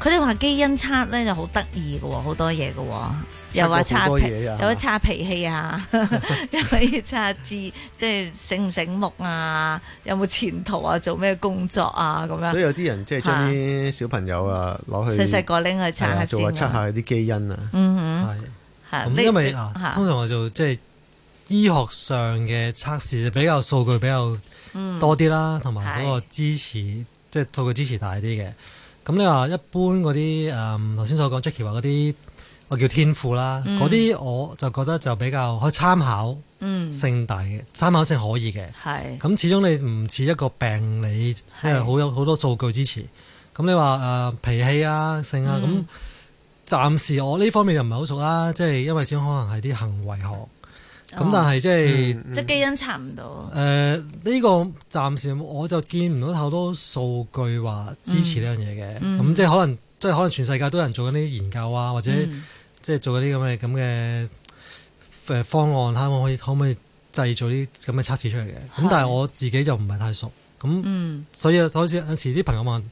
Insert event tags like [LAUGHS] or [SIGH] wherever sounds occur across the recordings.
佢哋話基因測咧就好得意嘅，好多嘢嘅，又話測，有得測脾氣啊，一係測下字，即係醒唔醒目啊，有冇前途啊，做咩工作啊咁樣。所以有啲人即係將啲小朋友啊攞去細細個拎去測下，做下測下啲基因啊。嗯，係因為通常我做即係醫學上嘅測試，比較數據比較多啲啦，同埋嗰個支持即係數據支持大啲嘅。咁你話一般嗰啲誒，頭先所講 Jackie 話嗰啲我叫天賦啦，嗰啲、嗯、我就覺得就比較可以參考性大嘅，嗯、參考性可以嘅。係咁是始終你唔似一個病理，即係好有好多數據支持。咁是你話誒、呃、脾氣啊、性啊，咁、嗯、暫時我呢方面就唔係好熟啦，即、就、係、是、因為始終可能係啲行為學。咁但係即係即係基因查唔到。誒呢、嗯嗯呃呢個暫時我就見唔到太多數據話支持呢、嗯、樣嘢嘅。咁、嗯、即係可能即係可能全世界都有人做緊啲研究啊，或者、嗯、即係做緊啲咁嘅咁嘅誒方案啦，睇下可唔可以可唔可以製造啲咁嘅測試出嚟嘅？咁是但係我自己就唔係太熟。咁所以所以有時啲朋友問。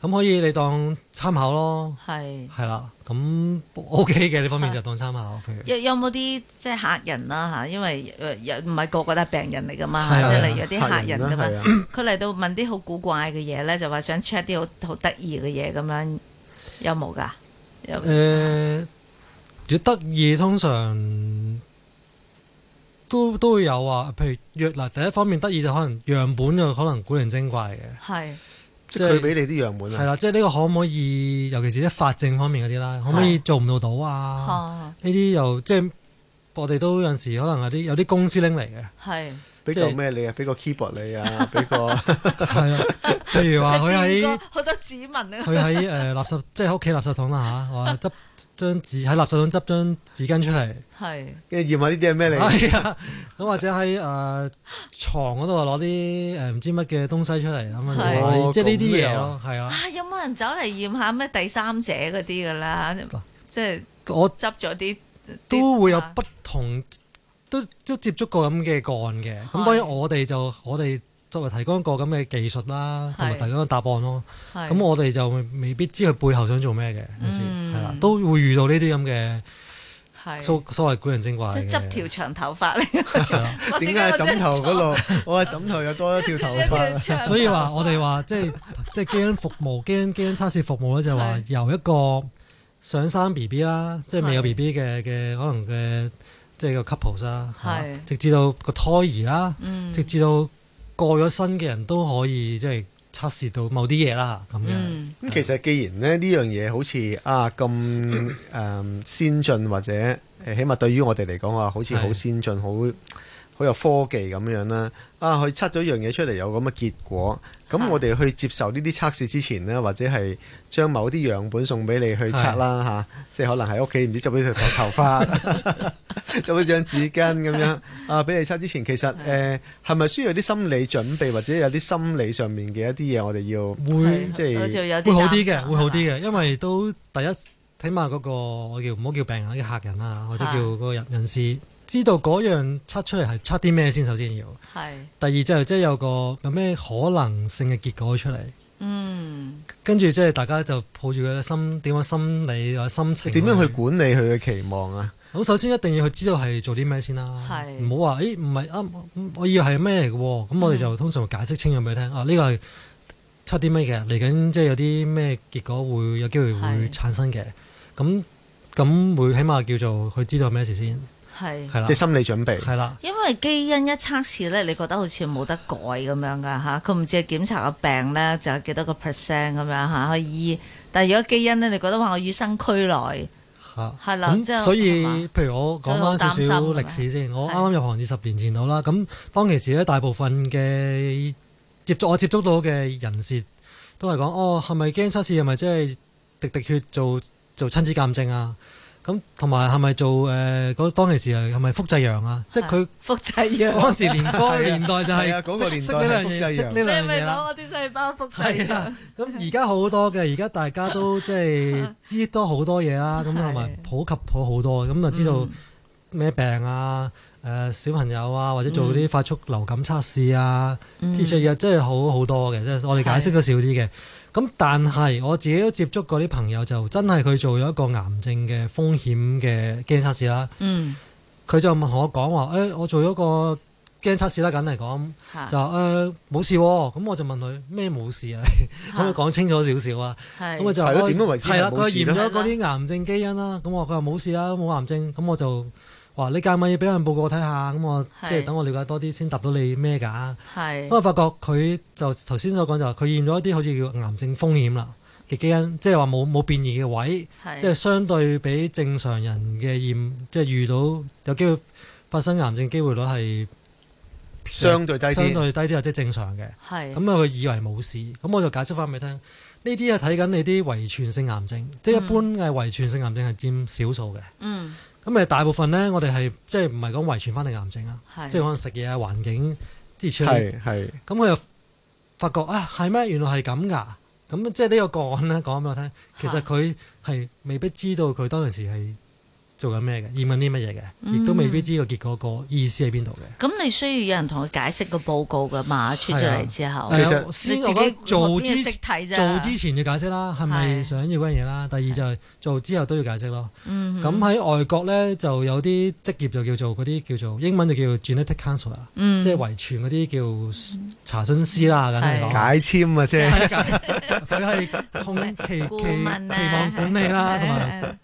咁可以你當參考咯，係係啦，咁 OK 嘅呢方面就當參考。有有冇啲即係客人啦、啊、吓，因為唔係、呃、個個都係病人嚟噶嘛，即係例如有啲客人咁、啊、樣，佢嚟、啊啊、到問啲好古怪嘅嘢咧，就話想 check 啲好好得意嘅嘢咁樣，有冇噶？誒，要得意通常都都會有啊，譬如嗱第一方面得意就可能樣本就可能古靈精怪嘅，係。即係佢俾你啲樣本，係啦，即係呢個可唔可以，尤其是啲法證方面嗰啲啦，可唔可以做唔做到到啊？呢啲又即係我哋都有陣時可能有啲有啲公司拎嚟嘅。係。俾個咩你啊？俾個 keyboard 你啊？俾個係啊？譬如話佢喺好多指紋啊，佢喺誒垃圾，即係屋企垃圾桶啦吓，執張紙喺垃圾桶執張紙巾出嚟，係跟住驗下呢啲係咩嚟？係啊。咁或者喺誒床嗰度攞啲誒唔知乜嘅東西出嚟咁樣？即係呢啲嘢咯，係啊。啊有冇人走嚟驗下咩第三者嗰啲噶啦？即係我執咗啲，都會有不同。都都接觸過咁嘅個案嘅，咁當然我哋就我哋作為提供一個咁嘅技術啦，同埋提供個答案咯。咁我哋就未必知佢背後想做咩嘅，好似係啦，都會遇到呢啲咁嘅，所所謂古人精怪，即係執條長頭髮咧。點解枕頭嗰度我係枕頭又多一條頭髮？所以話我哋話即係即係基因服務、基因基因測試服務咧，就係話由一個想生 B B 啦，即係未有 B B 嘅嘅可能嘅。即係個 couple 啦、啊，是直至到個胎兒啦，嗯、直至到過咗身嘅人都可以即係測試到某啲嘢啦。咁咁、嗯嗯、其實既然咧，呢樣嘢好似啊咁誒、呃、先進，或者誒起碼對於我哋嚟講話好似好先進好。是好有科技咁樣啦，啊，佢測咗樣嘢出嚟有咁嘅結果，咁我哋去接受呢啲測試之前呢，或者係將某啲樣本送俾你去測啦吓，即係可能喺屋企唔知執到條頭髮，執到張紙巾咁樣啊，俾你測之前其實誒係咪需要有啲心理準備或者有啲心理上面嘅一啲嘢我哋要會即係會好啲嘅，會好啲嘅，因為都第一起碼嗰個我叫唔好叫病人叫客人啊，或者叫嗰個人人士。知道嗰樣測出嚟係測啲咩先，首先要係。是第二就即係有個有咩可能性嘅結果出嚟。嗯，跟住即係大家就抱住佢嘅心，點樣心理或者心情？點樣去管理佢嘅期望啊？咁首先一定要去知道係做啲咩先啦。唔好話誒，唔係啊，我以為係咩嚟嘅？咁我哋就通常會解釋清楚俾你聽、嗯、啊。呢個係測啲咩嘅？嚟緊即係有啲咩結果會有機會會產生嘅。咁咁是會起碼叫做佢知道係咩事先。係，即係心理準備。係啦的，的因為基因一測試咧，你覺得好似冇得改咁樣㗎嚇，佢唔知係檢查個病咧，就有幾多個 percent 咁樣嚇可以。但係如果基因咧，你覺得話我與生俱來，係啦。咁所以，吧譬如我講翻少少歷史先，我啱啱入行二十年前到啦。咁的當其時咧，大部分嘅接觸我接觸到嘅人士都係講：哦，係咪基因測試？係咪即係滴滴血做做親子鑑證啊？咁同埋係咪做誒嗰、呃、當其時係咪複製羊啊？即係佢複製羊嗰時年嗰、 [LAUGHS] 啊、年代就係識呢樣嘢、啊，識呢樣你咪攞我啲細胞複製羊。咁而家好多嘅，而家 [LAUGHS] 大家都即係知多好多嘢啦。咁係咪普及咗好多，咁 [LAUGHS] 就知道、嗯。咩病啊？誒，小朋友啊，或者做啲快速流感測試啊，啲嘢，又真係好好多嘅，即係我哋解釋得少啲嘅。咁但係我自己都接觸過啲朋友，就真係佢做咗一個癌症嘅風險嘅基因測試啦。嗯，佢就問我講話，誒，我做咗個基因測試啦，緊嚟講就誒冇事。咁我就問佢咩冇事啊？可唔可以講清楚少少啊？咁啊就點都係啦，佢驗咗嗰啲癌症基因啦。咁我佢話冇事啊，冇癌症。咁我就。哇！你介唔介意俾份報告我睇下？咁我即係等我了解多啲先答到你咩㗎。係是。咁我發覺佢就頭先所講就話佢驗咗一啲好似叫癌症風險啦，其基因即係話冇冇變異嘅位，是即係相對比正常人嘅驗，即係遇到有機會發生癌症機會率係相對低啲。相對低啲啊，即係正常嘅。咁啊是，佢以為冇事，咁我就解釋翻俾你聽。呢啲係睇緊你啲遺傳性癌症，即係一般嘅遺傳性癌症係佔少數嘅。嗯。咁咪大部分咧，我哋係即係唔係講遺傳翻嚟癌症啊？是即係可能食嘢啊、環境之類。係係。咁佢又發覺啊，係咩？原來係咁㗎。咁即係呢個個案咧，講俾我聽。其實佢係未必知道佢當陣時係。做緊咩嘅？問啲乜嘢嘅？亦都未必知個結果個意思喺邊度嘅。咁你需要有人同佢解釋個報告噶嘛？出咗嚟之後，其實你自己做知之做之前要解釋啦，係咪想要嗰嘢啦？第二就係做之後都要解釋咯。咁喺外國咧就有啲職業就叫做嗰啲叫做英文就叫 genetic counselor 即係遺傳嗰啲叫查詢師啦，咁解簽啊啫。佢係控期期期望管理啦，同埋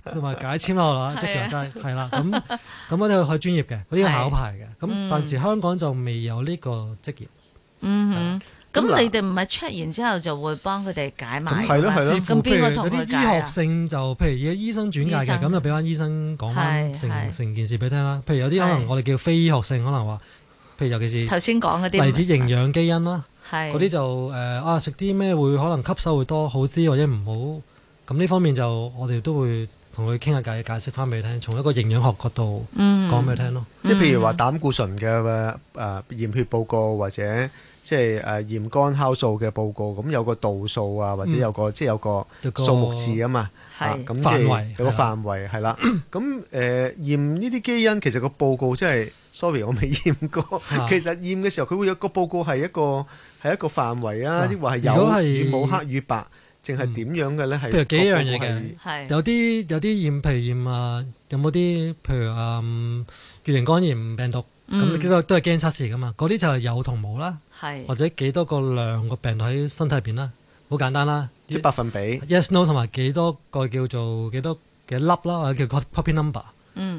同埋解簽咯，係係啦，咁咁我哋去專業嘅，嗰啲考牌嘅。咁但係香港就未有呢個職業。嗯，咁你哋唔係出完之後就會幫佢哋解埋嘅嘛？咁邊個同佢解啊？嗰啲醫學性就，譬如嘅醫生轉介嘅，咁就俾翻醫生講翻成成件事俾你聽啦。譬如有啲可能我哋叫非醫學性，可能話，譬如尤其是頭先講啲，例子營養基因啦，嗰啲就誒啊食啲咩會可能吸收會多好啲，或者唔好。咁呢方面就我哋都會。同佢傾下偈，解釋翻俾你聽，從一個營養學角度講俾你聽咯。即係譬如話膽固醇嘅誒驗血報告，或者即係誒驗肝酵素嘅報告，咁有個度數啊，或者有個即係有個數目字啊嘛。係咁，範圍有個範圍係啦。咁誒驗呢啲基因，其實個報告即係，sorry，我未驗過。其實驗嘅時候，佢會有個報告係一個係一個範圍啊，抑或係有與冇、黑與白。淨係點樣嘅咧？係譬如幾樣嘢嘅，係有啲有啲驗皮炎啊，有冇啲譬如啊乙型肝炎病毒咁，呢啲都都係基因測試㗎嘛。嗰啲就係有同冇啦，或者幾多個量個病毒喺身體入邊啦，好簡單啦，即百分比。Yes no 同埋幾多個叫做幾多嘅粒啦，或者叫 copy number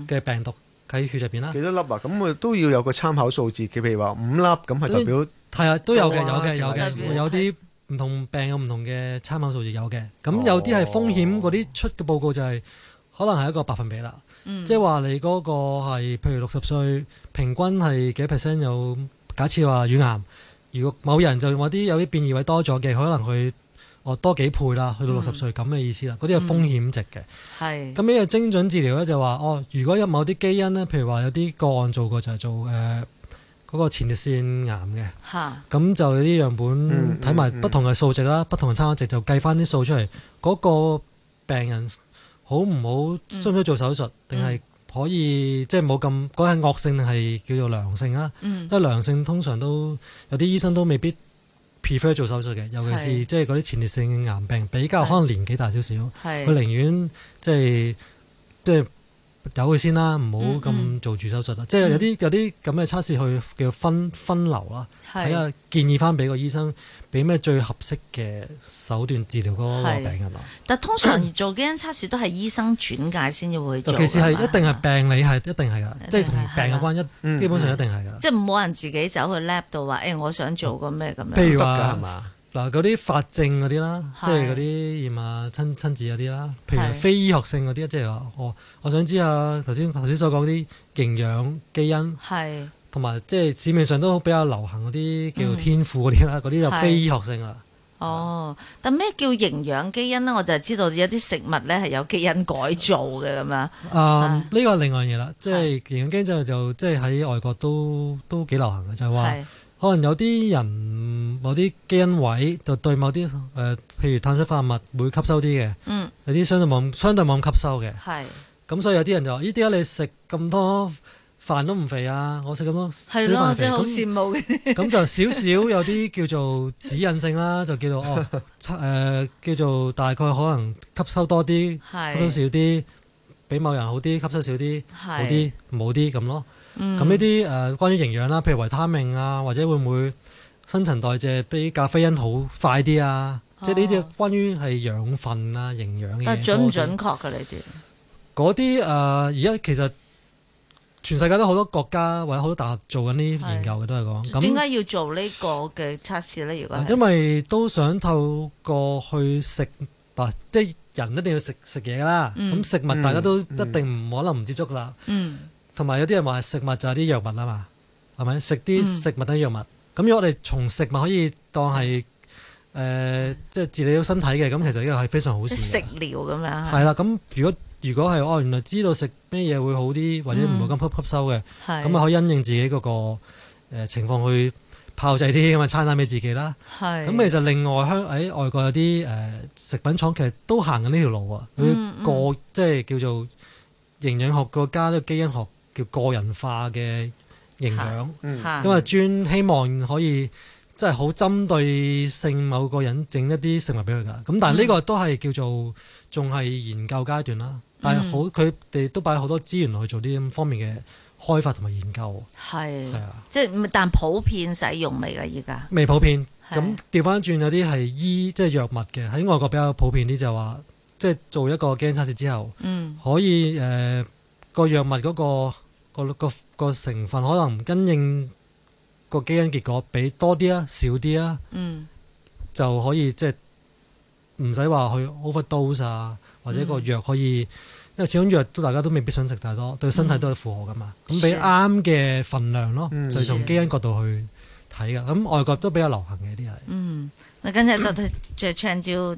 嘅病毒喺血入邊啦。幾多粒啊？咁我都要有個參考數字嘅，譬如話五粒咁係代表係啊，都有嘅，有嘅，有嘅，有啲。唔同病有唔同嘅參考數字，有嘅，咁有啲係風險嗰啲出嘅報告就係可能係一個百分比啦，即係話你嗰個係譬如六十歲平均係幾 percent 有，假設話乳癌，如果某人就某啲有啲變異位多咗嘅，可能佢哦多幾倍啦，去到六十歲咁嘅、嗯、意思啦，嗰啲係風險值嘅。係、嗯。咁呢個精準治療咧就話哦，如果有某啲基因咧，譬如話有啲個案做過就係做誒。呃嗰個前列腺癌嘅，咁哈就有啲樣本睇埋、嗯嗯嗯、不同嘅數值啦，嗯嗯、不同嘅參考值就計翻啲數出嚟，嗰、那個病人好唔好，需唔需要做手術，定係、嗯嗯、可以即係冇咁嗰係惡性係叫做良性啦，嗯、因為良性通常都有啲醫生都未必 prefer 做手術嘅，尤其是即係嗰啲前列腺癌病比較可能年紀大少少，佢、嗯嗯嗯嗯、寧願即係對。走佢先啦，唔好咁做住手術啦。嗯、即係有啲有啲咁嘅測試去叫分分流啦，睇是下建議返俾個醫生，俾咩最合適嘅手段治療嗰個病嘅、啊、嘛。但係通常做基因測試都係醫生轉介先會做，其實係係一定係病理係一定吧係嘅，即係同病有關一基本上一定係嘅。嗯、即係冇人自己走去 lab 度話，誒、欸、我想做個咩咁樣。譬如話，嗱，嗰啲法證嗰啲啦，即係嗰啲乜親親子嗰啲啦，譬如非醫學性嗰啲，即係話我我想知啊，頭先頭先所講啲營養基因，係同埋即係市面上都比較流行嗰啲叫天賦嗰啲啦，嗰啲就非醫學性啊。哦，但咩叫營養基因呢？我就係知道有啲食物咧係有基因改造嘅咁樣。啊，呢個另外嘢啦，即係營養基因就即係喺外國都都幾流行嘅，就係話。可能有啲人某啲基因位就對某啲誒、呃，譬如碳水化合物會吸收啲嘅，嗯、有啲相對冇相對冇咁吸收嘅。係咁，所以有啲人就話：咦點解，你食咁多飯都唔肥啊！我食咁多少飯肥，啊。係咯的，真係好羨慕嘅。咁就少少有啲叫做指引性啦， [LAUGHS] 就叫做哦，誒、呃、叫做大概可能吸收多啲，吸收少啲，比某人好啲，吸收少啲，好啲冇啲咁咯。 [LAUGHS] [LAUGHS] 咁呢啲誒關於營養啦，譬如維他命啊，或者會唔會新陳代謝比咖啡因好快啲啊？哦、即係呢啲關於係養分啊、營養嘅。但準唔準確嘅呢啲？嗰啲誒，而、呃、家其實全世界都好多國家或者好多大學做緊呢啲研究嘅，是都係講。咁點解要做呢個嘅測試咧？如果因為都想透過去食，嗱，即係人一定要食食嘢啦。咁、嗯、食物大家都一定唔可能唔接觸㗎啦。嗯。嗯嗯同埋有啲人話食物就係啲藥物啊嘛，係咪？食啲食物等藥物，咁、嗯、如果我哋從食物可以當係誒、呃，即係治理到身體嘅，咁其實呢個係非常好事。食療咁樣。係啦，咁如果如果係哦，原來知道食咩嘢會好啲，或者唔會咁吸收嘅，咁啊、嗯、可以因應自己嗰個情況去炮製啲咁嘅餐單俾自己啦。係。咁其實另外香喺外國有啲誒食品廠其實都行緊呢條路啊，佢、嗯嗯、個即係叫做營養學個家，呢個基因學。叫個人化嘅營養，咁啊、嗯、專希望可以即係好針對性某個人整一啲食物俾佢㗎。咁、嗯、但係呢個都係叫做仲係研究階段啦。嗯、但係好，佢哋都擺好多資源去做啲咁方面嘅開發同埋研究。係係、嗯、啊，即係但普遍使用未㗎？依家未普遍。咁調翻轉有啲係醫即係藥物嘅，喺外國比較普遍啲就話，即係做一個基因測試之後，嗯、可以誒個、呃、藥物嗰、嗰個。個個個成分可能唔跟應個基因結果俾多啲啊，少啲啊，嗯、就可以即係唔使話去 overdose 啊，或者個藥可以，嗯、因為始終藥都大家都未必想食太多，對身體都係負荷噶嘛，咁俾啱嘅份量咯，是就係從基因角度去睇㗎，咁、嗯、是外國都比較流行嘅啲係。嗯，嗱，跟住就着就唱照。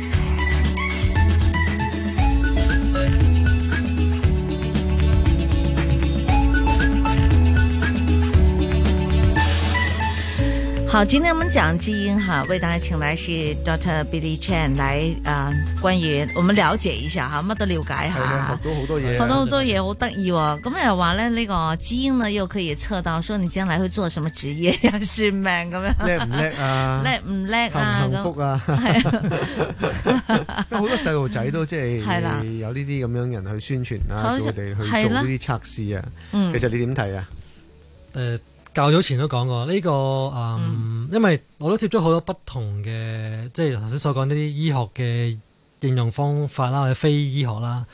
好，今天我們講基因哈，為大家請來是 Dr. Billy Chan 來，啊，關於我們了解一下哈，乜都了解下哈。學到好多嘢，學到好多嘢，好得意。咁又話咧，呢個基因呢，又可以測到，說你將來會做什麼職業，算命咁樣。叻唔叻啊？叻唔叻啊？幸福啊？好多細路仔都即係，有呢啲咁樣人去宣傳啊，佢哋去做呢啲測試啊。其實你點睇啊？誒。較早前都講過呢，這個，嗯，嗯，因為我都接觸好多不同嘅，即係頭先所講呢啲醫學嘅應用方法啦，或者非醫學啦。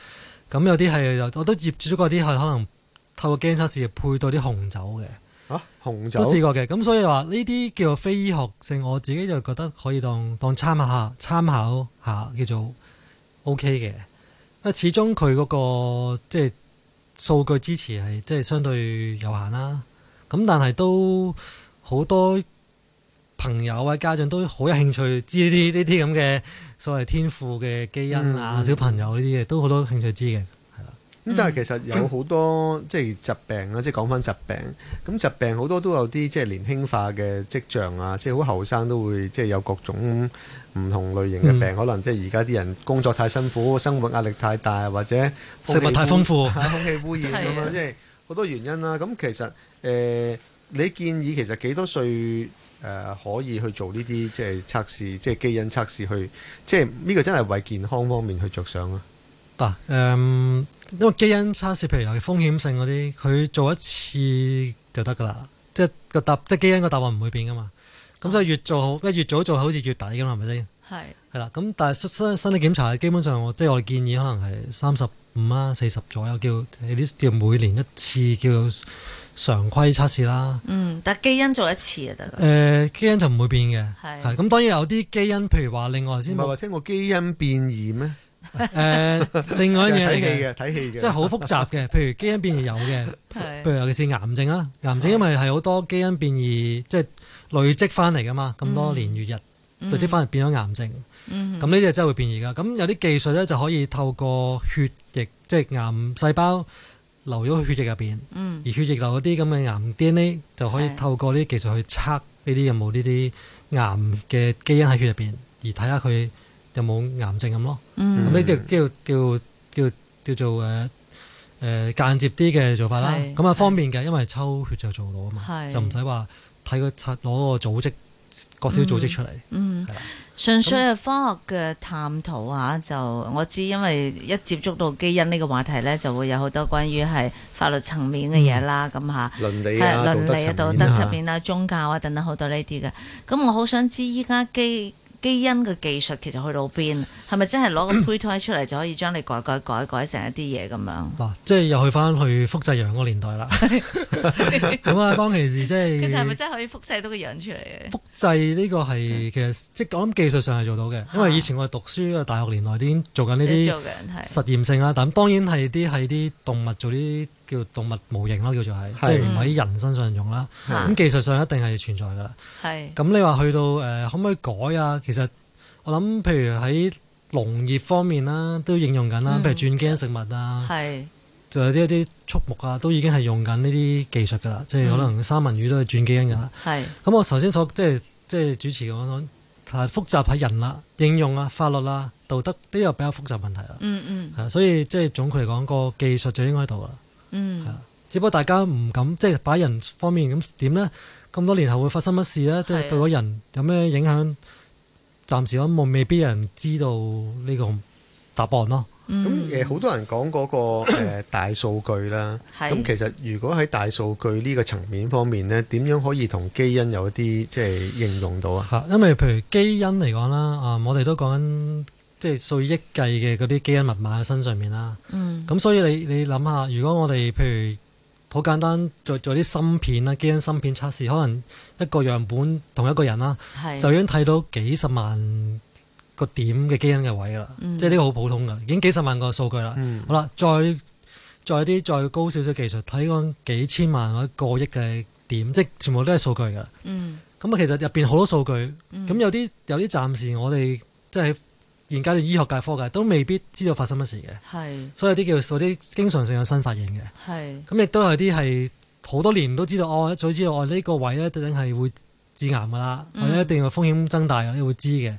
咁有啲係，我都接觸咗啲係可能透過驚測試配到啲紅酒嘅嚇，啊，紅酒都試過嘅。咁所以話呢啲叫做非醫學性，我自己就覺得可以當當參考下，參考下，叫做 O K 嘅，因始終佢嗰個即係數據支持係即係相對有限啦。咁但係都好多朋友或家長都好有興趣知呢啲呢啲咁嘅所謂天賦嘅基因啊，嗯、小朋友呢啲嘢都好多興趣知嘅，係啦、嗯。咁但係其實有好多即係疾病啦，即係講翻疾病。咁、嗯、疾病好多都有啲即係年輕化嘅跡象啊，即係好後生都會即係有各種唔同類型嘅病。嗯、可能即係而家啲人工作太辛苦，生活壓力太大，或者食物太豐富， [LAUGHS] 空氣污染咁樣即係。 [LAUGHS] 好多原因啦，咁其實誒、呃，你建議其實幾多歲誒、呃、可以去做呢啲即係測試，即係基因測試去，即係呢、這個真係為健康方面去着想咯。嗱、啊，誒、呃，因為基因測試，譬如風險性嗰啲，佢做一次就得㗎啦，即係個答，即係基因個答案唔會變㗎嘛。咁所以越做好，即係越早做好做好似越抵㗎嘛，係咪先？係。係啦，咁是但係身身體檢查基本上，即係我建議可能係三十。五啊，四十左右，叫呢啲叫每年一次叫常規測試啦。嗯，但基因做一次就得。誒、呃，基因就唔會變嘅。係是。係。咁當然有啲基因，譬如話另外先。唔係話聽過基因變異咩？誒、呃， [LAUGHS] 另外一嘢嘅。睇戲嘅，睇戲嘅。即係好複雜嘅， [LAUGHS] 譬如基因變異有嘅。是譬如尤其是癌症啦，癌症因為係好多基因變異，即係累積翻嚟㗎嘛，咁多年月日。嗯就即翻嚟變咗癌症，咁呢啲係真係會變異㗎。咁有啲技術咧，就可以透過血液，即、就、係、是、癌細胞流咗血液入邊，嗯、而血液流嗰啲咁嘅癌 DNA 就可以透過呢啲技術去測呢啲有冇呢啲癌嘅基因喺血入邊，而睇下佢有冇癌症咁咯。咁呢啲叫叫叫叫做誒誒、呃呃、間接啲嘅做法啦。咁啊是方便嘅，是因為抽血就做到啊嘛，是就唔使話睇佢拆攞個組織。各小組織出嚟，嗯，嗯，純粹係科學嘅探討下就我知，因為一接觸到基因呢個話題呢，就會有好多關於係法律層面嘅嘢啦，咁吓，倫理倫理啊，道德層面啦，宗教啊等等好多呢啲嘅。咁我好想知依家基。基因嘅技術其實去到邊，係咪真係攞個胚胎出嚟就可以將你改改改改成一啲嘢咁樣？嗱、嗯，即係又去翻去複製羊嗰個年代啦。咁啊，當其時即係其實係咪真係可以複製到個樣出嚟嘅？複製呢個係其實、嗯、即係我諗技術上係做到嘅，因為以前我讀書嘅大學年代已經做緊呢啲實驗性啦。但當然係啲係啲動物做啲。叫動物模型啦，叫做係，即係唔喺人身上用啦。咁技術上一定係存在噶啦。係。咁你話去到誒，可唔可以改啊？其實我諗，譬如喺農業方面啦，都應用緊啦，譬如轉基因食物啊，係。仲有啲一啲畜牧啊，都已經係用緊呢啲技術噶啦。即係可能三文魚都係轉基因㗎啦。係。咁我頭先所即係即係主持講講，係複雜喺人啦，應用啊、法律啦、道德，呢個比較複雜問題啦。嗯嗯。係所以即係總括嚟講，個技術就應該喺度啦。嗯，只不過大家唔敢，即係把人方面咁點呢？咁多年後會發生乜事呢？都係對到人有咩影響？暫時我冇未必有人知道呢個答案咯。咁誒，好多人講嗰、嗰個、 [COUGHS] 呃、大數據啦，咁 [COUGHS] 其實如果喺大數據呢個層面方面呢，點樣可以同基因有一啲即係應用到啊？嚇、嗯，因為譬如基因嚟講啦，啊，我哋都講緊。即係數以億計嘅嗰啲基因密碼喺身上面啦。咁、嗯嗯、所以你你諗下，如果我哋譬如好簡單，做做啲芯片啦，基因芯片測試，可能一個樣本同一個人啦，的就已經睇到幾十萬個點嘅基因嘅位啦。嗯、即係呢個好普通嘅，已經幾十萬個數據啦。嗯、好啦，再再啲再高少少技術，睇到幾千萬或者過億嘅點，即係全部都係數據㗎。咁啊，其實入邊好多數據。咁、嗯、有啲有啲暫時我哋即係。而家啲醫學界科、科界都未必知道發生乜事嘅，是所以啲叫做啲經常性有新發現嘅，咁亦都有啲係好多年都知道，我、哦、一早知道我呢、哦呢個位咧一定係會致癌噶啦，嗯、或者一定個風險增大，你會知嘅。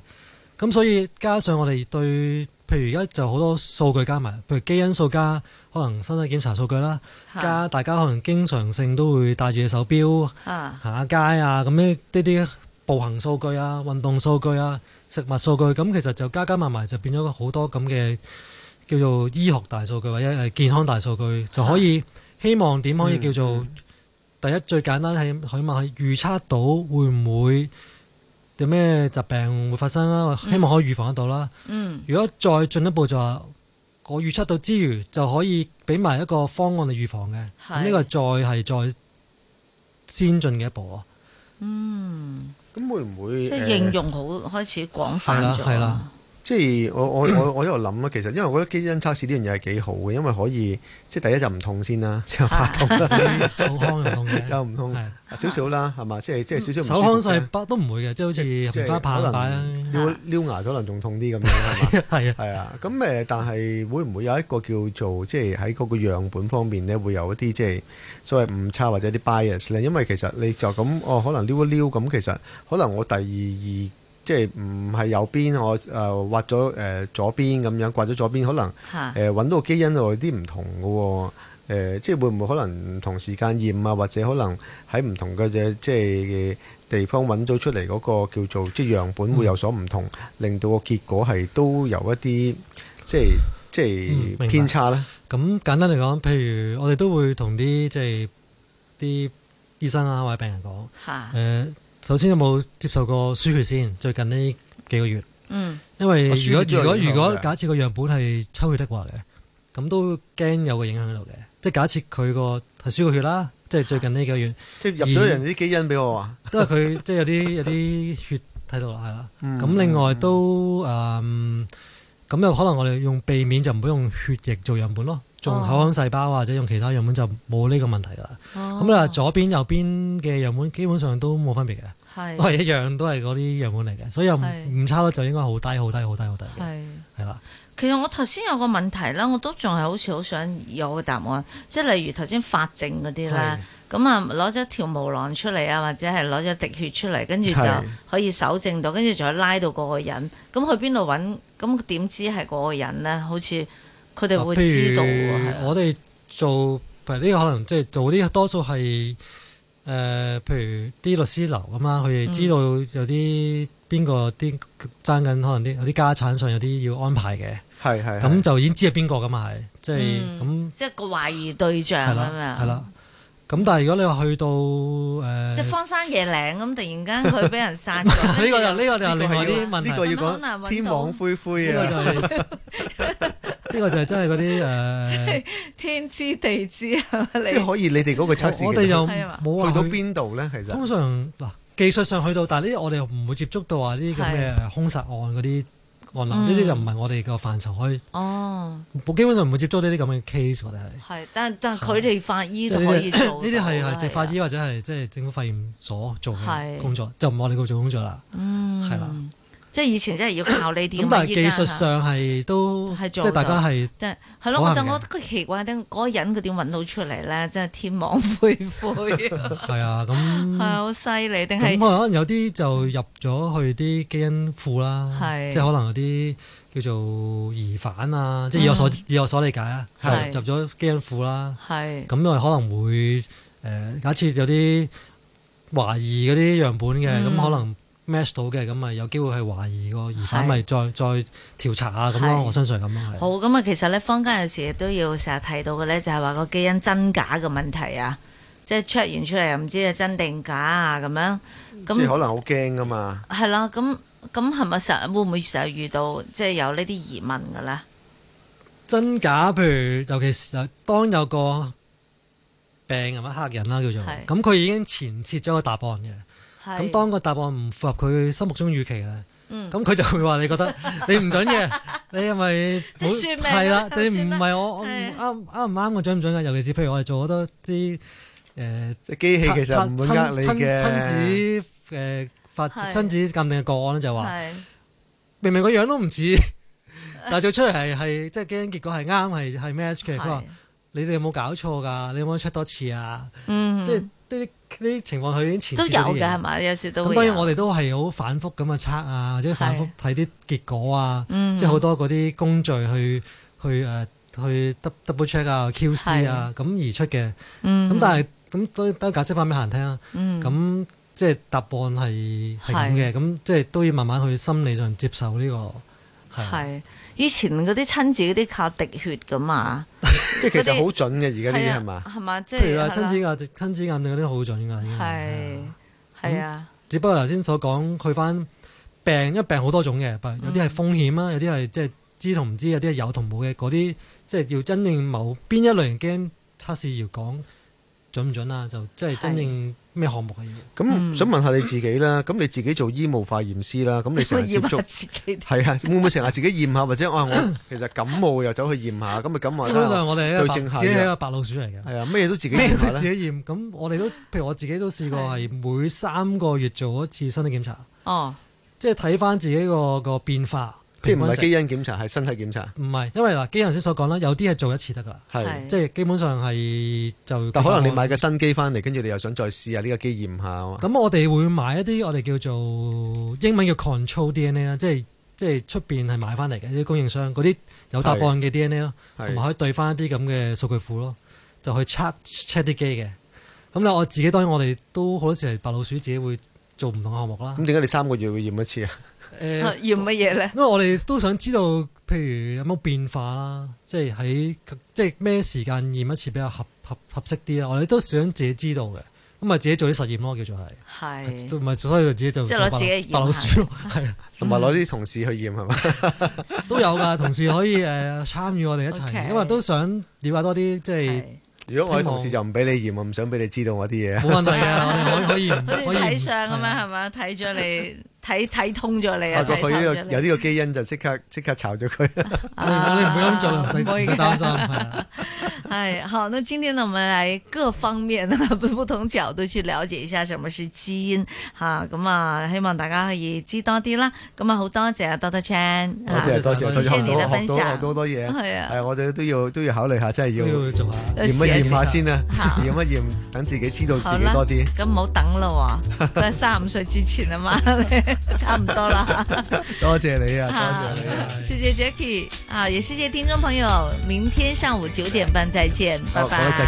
咁所以加上我哋對，譬如而家就好多數據加埋，譬如基因數加，可能身體檢查數據啦，加大家可能經常性都會戴住隻手錶、啊、行下街啊，咁呢啲啲步行數據啊、運動數據啊。食物數據咁，其實就加加埋埋就變咗好多咁嘅叫做醫學大數據或者係健康大數據，的就可以希望點可以叫做、嗯、第一、嗯、最簡單係起碼係預測到會唔會有咩疾病會發生啦，嗯、希望可以預防得到啦。嗯，如果再進一步就話我預測到之餘，就可以俾埋一個方案嚟預防嘅。呢個的、嗯、再係再先進嘅一步啊。嗯。咁會唔會即係是、呃、應用好開始廣泛咗？即係我我我我一路諗啊，其實因為我覺得基因測試呢樣嘢係幾好嘅，因為可以即係第一就唔痛先啦，即係怕痛，口腔又痛嘅，就唔痛少少啦，係嘛？即係即係少少。口腔細胞都唔會嘅，即係好似紅花棒棒。撩牙可能仲痛啲咁樣，係嘛？係啊，係啊。咁誒，但係會唔會有一個叫做即係喺嗰個樣本方面咧，會有一啲即係所謂誤差或者啲 bias 咧？因為其實你就咁，哦，可能撩一撩咁，其實可能我第二二。即係唔係右邊，我誒、呃、挖咗誒、呃、左邊咁樣，刮咗左邊，可能誒揾、呃、到個基因有啲唔同嘅喎、哦呃，即係會唔會可能唔同時間驗啊，或者可能喺唔同嘅嘅即係地方揾到出嚟嗰個叫做即係樣本會有所唔同，嗯、令到個結果係都有一啲即係即係偏差咧？咁、嗯、簡單嚟講，譬如我哋都會同啲即係啲醫生啊或者病人講誒。呃嗯首先有冇接受過輸血先？最近呢幾個月，嗯，因為如果如果如果假設個樣本係抽血的話嘅，咁都驚有個影響喺度嘅。即係假設佢個輸過血啦，即、就、係、是、最近呢幾個月，啊、而即係入咗人哋啲基因俾我啊。因為佢即係有啲有啲血喺度，係啦。咁、嗯、另外都誒，咁、嗯、又可能我哋用避免就唔好用血液做樣本咯，用口腔細胞或者用其他樣本就冇呢個問題啦。咁啊、哦嗯哦，左邊右邊嘅樣本基本上都冇分別嘅。都係是一樣，都係嗰啲樣本嚟嘅，所以又唔是差咯，就應該好低、好低、好低、好低嘅，係是啦。其實我頭先有個問題啦，我都仲係好似好想有個答案，即係例如頭先法證嗰啲咧，咁啊攞咗條毛囊出嚟啊，或者係攞咗滴血出嚟，跟住就可以搜證到，跟住仲要拉到嗰個人，咁去邊度揾？咁點知係嗰個人咧？好似佢哋會知道。如的我哋做，譬如呢個可能即係做啲多數係。誒、呃，譬如啲律師樓咁啦，佢哋知道有啲邊個啲爭緊，可能啲有啲家產上有啲要安排嘅，係係、嗯，咁就已經知係邊個㗎嘛，係即係咁，嗯、樣即係個懷疑對象咁樣，係啦。咁但係如果你話去到誒，呃、即係荒山野嶺咁，突然間佢俾人殺咗，呢個就呢、呢個又另外啲問題，呢個要講天網恢恢啊。呢個就係真係嗰啲誒，天知地知嚇。即係可以，你哋嗰個測試，我哋又冇去到邊度咧？其實通常嗱，技術上去到，但係呢啲我哋又唔會接觸到啊。呢啲咁嘅兇殺案嗰啲案臨，呢啲就唔係我哋嘅範疇可以。哦，基本上唔會接觸到呢啲咁嘅 case，我哋係。但係但係佢哋法醫都可以做。呢啲係係直法醫或者係即係政府化驗所做嘅工作，就唔係我哋個做工作啦。嗯，係啦。即係以前真係要靠你點？咁但係技術上係都，即係大家係。即係係咯，我就覺得奇怪啲嗰個人佢點揾到出嚟咧？即係天網恢恢。係啊，咁係好犀利定係？咁可能有啲就入咗去啲基因庫啦。係，即係可能有啲叫做疑犯啊，即係以我所以我所理解啊，係入咗基因庫啦。係，咁都係可能會誒，假設有啲懷疑嗰啲樣本嘅，咁可能。match 到嘅，咁咪有機會去懷疑個疑犯，咪的再再調查下咁咯。的我相信咁樣，係。好咁啊，其實咧坊間有時亦都要成日提到嘅咧，就係話個基因真假嘅問題啊，即係 check 完出嚟又唔知係真定假啊咁樣。咁可能好驚噶嘛？係啦，咁咁係咪成日會唔會成日遇到即係有呢啲疑問嘅咧？真假譬如尤其是當有個病咁啊，黑人啦叫做，咁佢的已經前設咗個答案嘅。咁當個答案唔符合佢心目中預期嘅，咁佢就會話你覺得你唔準嘅，你係咪係啦？你唔係我啱啱唔啱？我準唔準噶尤其是譬如我哋做好多啲誒，機器其實唔會呃你嘅親子誒，法親子鑑定嘅個案咧，就話明明個樣都唔似，但係做出嚟係係即係基因結果係啱係係 match 嘅。佢話你哋有冇搞錯噶？你可唔可以出多次啊？即係呢啲情況佢已經遲遲都有㗎係嘛？有時都會。當然我哋都係好反覆咁嘅測啊，或者反覆睇啲結果啊，嗯、即係好多嗰啲工序去去誒、呃、去 double check 啊是、QC 啊咁而出嘅。咁、嗯、哼但係咁都等解釋翻俾客人聽啊。咁、嗯、哼即係答案係係咁嘅，咁是即係都要慢慢去心理上接受呢個。係，以前嗰啲親子嗰啲靠滴血㗎嘛， [LAUGHS] 即係其實好準嘅，而家呢啲嘢係嘛？係嘛些？即係、啊、吧親子鑑定、啊、親子鑑定嗰啲好準㗎。係、啊，係啊、嗯。只不過頭先所講去翻病，因為病好多種嘅，有啲係風險啊，有啲係即係知同唔知，有啲係有同冇嘅。嗰啲即係要真正某邊一類人驚測試要講準唔準啦、啊，就即係真正咩項目嘅嘢？咁想問下你自己啦。咁你自己做醫務化驗師啦。咁你成日接觸自己，係啊，會唔會成日自己驗下？或者啊，我其實感冒又走去驗下，咁咪感冒我哋對症下。都算我哋一個白老鼠嚟嘅。係啊，咩都自己咩都自己驗。咁我哋都，譬如我自己都試過係每三個月做一次身體檢查。哦，即係睇翻自己個個變化。即係唔係基因檢查係身體檢查？唔係，因為嗱，基因頭先所講啦，有啲係做一次得㗎。係的，即係基本上係就。但可能你買個新機翻嚟，跟住你又想再試下呢個機驗下。咁我哋會買一啲我哋叫做英文叫 control DNA 啦，即係即係出邊係買翻嚟嘅啲供應商嗰啲有答案嘅 DNA 咯，同埋可以對翻一啲咁嘅數據庫咯，就去 check check 啲機嘅。咁咧，我自己當然我哋都好多時係白老鼠自己會。做唔同項目啦，咁點解你三個月會驗一次啊？誒、呃，驗乜嘢咧？因為我哋都想知道，譬如有冇變化啦，即係喺即係咩時間驗一次比較合合合適啲啦？我哋都想自己知道嘅，咁咪自己做啲實驗咯，叫做係。係。咪所以就自己做做是就即係攞自己驗，白老鼠咯。係鷺，同埋攞啲同事去驗係嘛，都 [LAUGHS] 有㗎。同事可以誒、呃、參與我哋一齊，Okay, 因為都想了解多啲，即係。如果我嘅同事就唔俾你驗，我唔想俾你知道我啲嘢。冇問題啊， [LAUGHS] 我可以唔得。我哋睇 [LAUGHS] 相啊嘛，係嘛？ [LAUGHS] 睇咗你。 [LAUGHS] 睇睇通咗你啊！佢有呢個基因就即刻即刻炒咗佢。唔好咁做，唔使唔好擔心。係好，那今天呢，我們來各方面不同角度去了解一下什麼是基因。吓咁啊，希望大家可以知多啲啦。咁啊，好多謝多多 Chan，多謝，多謝你嘅分享，學到好多好多嘢。係啊，我哋都要都要考慮下，真係要驗一驗下先啊？驗一驗？等自己知道自己多啲。咁唔好等啦，喺三五歲之前啊嘛。 [LAUGHS] 差唔多啦，多 [LAUGHS] 謝，謝你啊，多謝，謝謝 Jacky 啊 [LAUGHS] 謝謝，也謝謝聽眾朋友，明天上午九點半再見，拜拜。